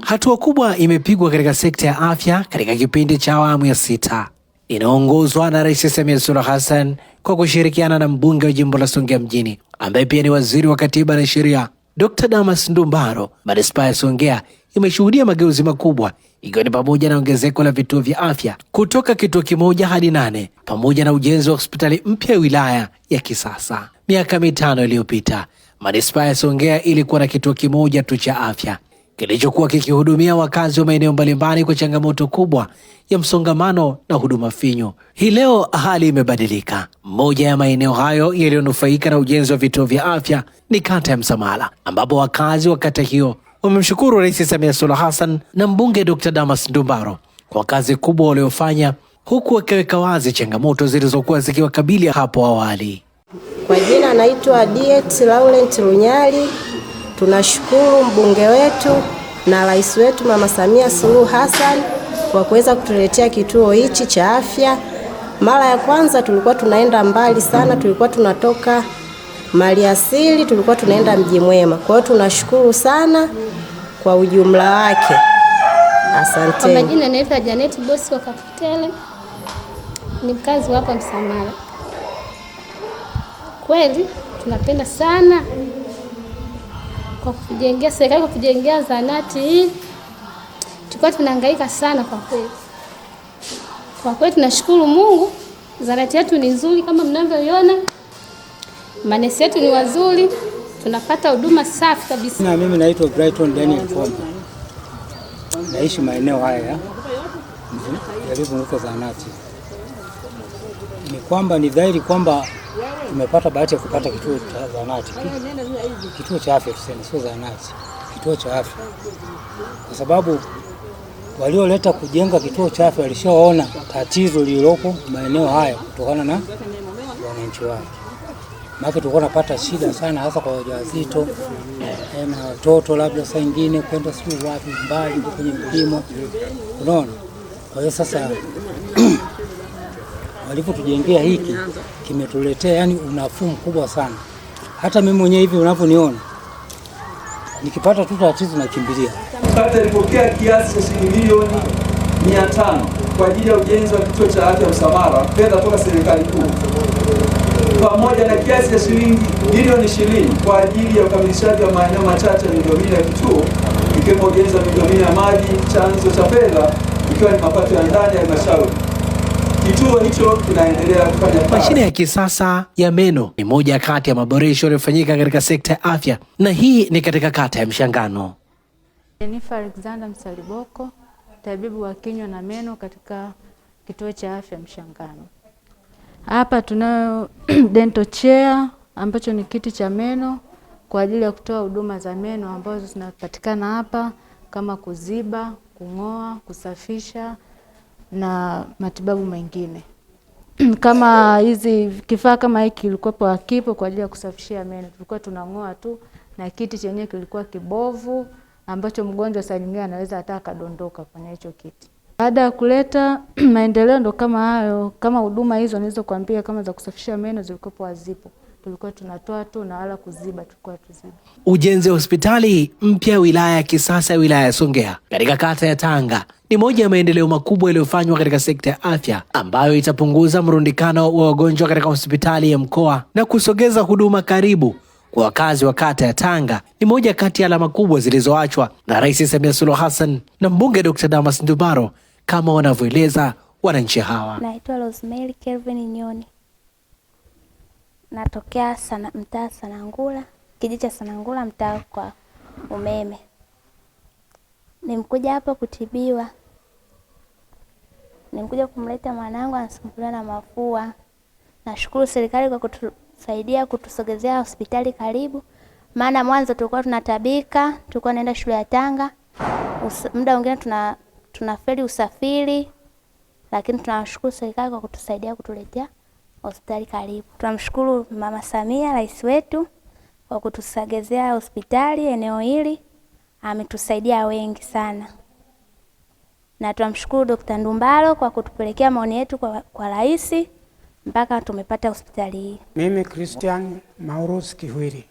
Hatua kubwa imepigwa katika sekta ya afya katika kipindi cha awamu ya sita inaongozwa na Rais Samia Suluhu Hassan kwa kushirikiana na mbunge wa jimbo la Songea mjini ambaye pia ni waziri wa katiba na sheria Dr. Damas Ndumbaro. Manispaa ya Songea imeshuhudia mageuzi makubwa ikiwa ni pamoja na ongezeko la vituo vya afya kutoka kituo kimoja hadi nane pamoja na ujenzi wa hospitali mpya ya wilaya ya kisasa. Miaka mitano iliyopita, manispaa ya Songea ilikuwa na kituo kimoja tu cha afya kilichokuwa kikihudumia wakazi wa maeneo mbalimbali kwa changamoto kubwa ya msongamano na huduma finyu. Hii leo hali imebadilika. Moja ya maeneo hayo yaliyonufaika na ujenzi wa vituo vya afya ni kata ya Msamala, ambapo wakazi wa kata hiyo wamemshukuru Rais Samia Suluhu Hassan na mbunge Dr. Damas Ndumbaro kwa kazi kubwa waliofanya, huku wakiweka wazi changamoto zilizokuwa zikiwakabili hapo awali. Kwa jina anaitwa Diet Laurent Runyali Tunashukuru mbunge wetu na rais wetu Mama Samia Suluhu Hassan kwa kuweza kutuletea kituo hichi cha afya. Mara ya kwanza tulikuwa tunaenda mbali sana, tulikuwa tunatoka Maliasili, tulikuwa tunaenda Mji Mwema. Kwa hiyo tunashukuru sana kwa ujumla wake. Asante. Kwa majina naitwa Janet Bosco Kapitele, ni mkazi hapa Msamala. Kweli tunapenda sana kwa kujengea serikali, kwa kujengea zanati hii. Tulikuwa tunahangaika sana kwa kweli, kwa kweli tunashukuru Mungu, zanati yetu ni nzuri kama mnavyoiona, manesi yetu ni wazuri, tunapata huduma safi kabisa. Na mimi naitwa Brighton Daniel Komba, naishi maeneo haya yaliyozunguka mhm. zanati. Ni kwamba ni dhahiri kwamba tumepata bahati ya kupata kituo cha zahanati, kituo cha afya tuseme, sio zahanati, kituo cha afya, kwa sababu walioleta kujenga kituo cha afya walishaona tatizo lililopo maeneo haya kutokana na wananchi wake. Maana tulikuwa tunapata shida sana, hasa kwa wajawazito eh, na watoto, labda saa nyingine kwenda sijui wapi mbali kwenye mlimo, unaona. Kwa hiyo sasa alivyotujengea hiki kimetuletea yani unafuu mkubwa sana. Hata mimi mwenyewe hivi unavyoniona, nikipata tu tatizo nakimbilia. Kata ilipokea kiasi cha shilingi milioni 500 kwa ajili ya ujenzi wa kituo cha afya Usamara, fedha toka serikali kuu, pamoja na kiasi cha shilingi milioni 20 kwa ajili ya ukamilishaji wa maeneo machache ya miundombinu ya kituo, ikiwemo ujenzi wa miundombinu ya maji. Chanzo cha fedha ikiwa ni mapato ya ndani ya halmashauri. Kituo hicho kinaendelea kufanya mashine ya kisasa ya meno. Ni moja kati ya maboresho yaliyofanyika katika sekta ya afya, na hii ni katika kata ya Mshangano. Jenifer Alexander Msaliboko, tabibu wa kinywa na meno katika kituo cha afya Mshangano. Hapa tunayo dental chair ambacho ni kiti cha meno kwa ajili ya kutoa huduma za meno ambazo zinapatikana hapa kama kuziba, kung'oa, kusafisha na matibabu mengine kama hizi kifaa kama hiki kilikuwepo akipo kwa ajili ya kusafishia meno, tulikuwa tunang'oa tu, na kiti chenyewe kilikuwa kibovu ambacho mgonjwa saa nyingine anaweza hata akadondoka kwenye hicho kiti. Baada ya kuleta maendeleo ndo kama hayo, kama huduma hizo nilizokuambia kama za kusafishia meno zilikuwepo hazipo, tulikuwa tunatoa tu na wala kuziba tulikuwa tuziba. Ujenzi wa hospitali mpya wilaya ya kisasa ya wilaya ya Songea katika kata ya Tanga ni moja ya maendeleo makubwa yaliyofanywa katika sekta ya afya ambayo itapunguza mrundikano wa wagonjwa katika hospitali ya mkoa na kusogeza huduma karibu kwa wakazi wa kata ya Tanga. Ni moja kati ya alama kubwa zilizoachwa na Rais Samia Suluhu Hassan na mbunge Dr. Damas Ndumbaro kama wanavyoeleza wananchi hawa. Naitwa Rosemary Kelvin Nyoni, natokea sana, mtaa Sanangula, kijiji cha Sanangula, mtaa kwa umeme. Nimkuja hapa kutibiwa Nimekuja kumleta mwanangu anasumbuliwa na mafua. Nashukuru serikali kwa kutusaidia kutusogezea hospitali karibu, maana mwanzo tulikuwa tunatabika, tulikuwa naenda shule ya Tanga, muda mwingine tuna tunafeli usafiri, lakini tunawashukuru serikali kwa kutusaidia kutuletea hospitali karibu. Tunamshukuru Mama Samia, rais wetu, kwa kutusogezea hospitali eneo hili, ametusaidia wengi sana na tunamshukuru Dr. Ndumbaro kwa kutupelekea maoni yetu kwa, kwa rais mpaka tumepata hospitali hii. Mimi Christian Maurus Kiwiri,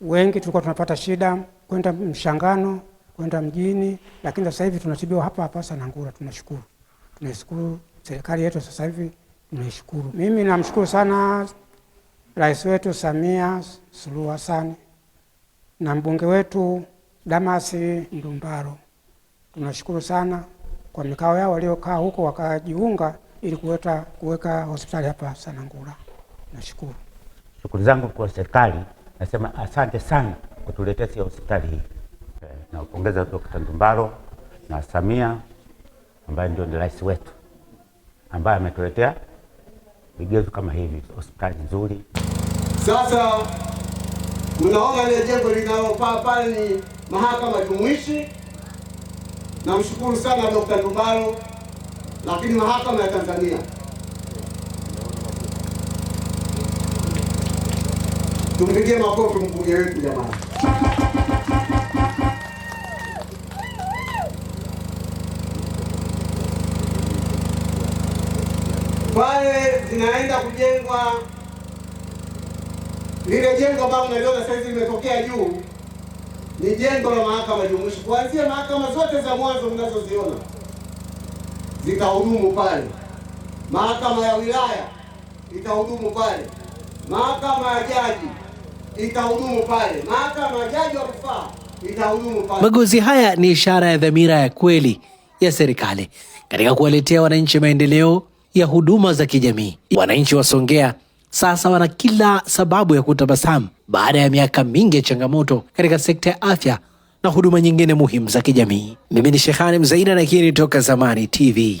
wengi tulikuwa tunapata shida kwenda mshangano kwenda mjini, lakini sasa hivi tunatibiwa hapa hapa Sanangura. Tunashukuru, tunashukuru serikali yetu sasa hivi tunashukuru. Mimi namshukuru sana rais wetu Samia Suluhu Hassan na mbunge wetu Damasi Ndumbaro tunashukuru sana kwa mikao yao waliokaa huko wakajiunga ili kuweka kuweka hospitali hapa Sanangula. Nashukuru. Shukrani zangu kwa serikali, nasema asante sana kutuletea si hospitali hii. Nawapongeza Dr. Ndumbaro na Samia ambaye ndio ni rais wetu ambaye ametuletea vigezo kama hivi, hospitali nzuri. Sasa mnaona ile jengo linalopaa pale ni mahakama jumuishi Namshukuru sana Dr. Ndumbaro, lakini mahakama ya Tanzania tumpigie makofi mbunge wetu jamani. Pale zinaenda kujengwa lile jengo ambalo mnaliona sasa hivi limetokea juu ni jengo la mahakama jumuishi kuanzia mahakama zote za mwanzo mnazoziona zitahudumu pale. Mahakama ya wilaya itahudumu pale, mahakama ya jaji itahudumu pale, mahakama ya jaji wa rufaa itahudumu pale. Mageuzi haya ni ishara ya dhamira ya kweli ya serikali katika kuwaletea wananchi maendeleo ya huduma za kijamii. Wananchi wa Songea sasa wana kila sababu ya kutabasamu baada ya miaka mingi ya changamoto katika sekta ya afya na huduma nyingine muhimu za kijamii. Mimi ni shehani Mzaina na hii ni Toka Zamani TV.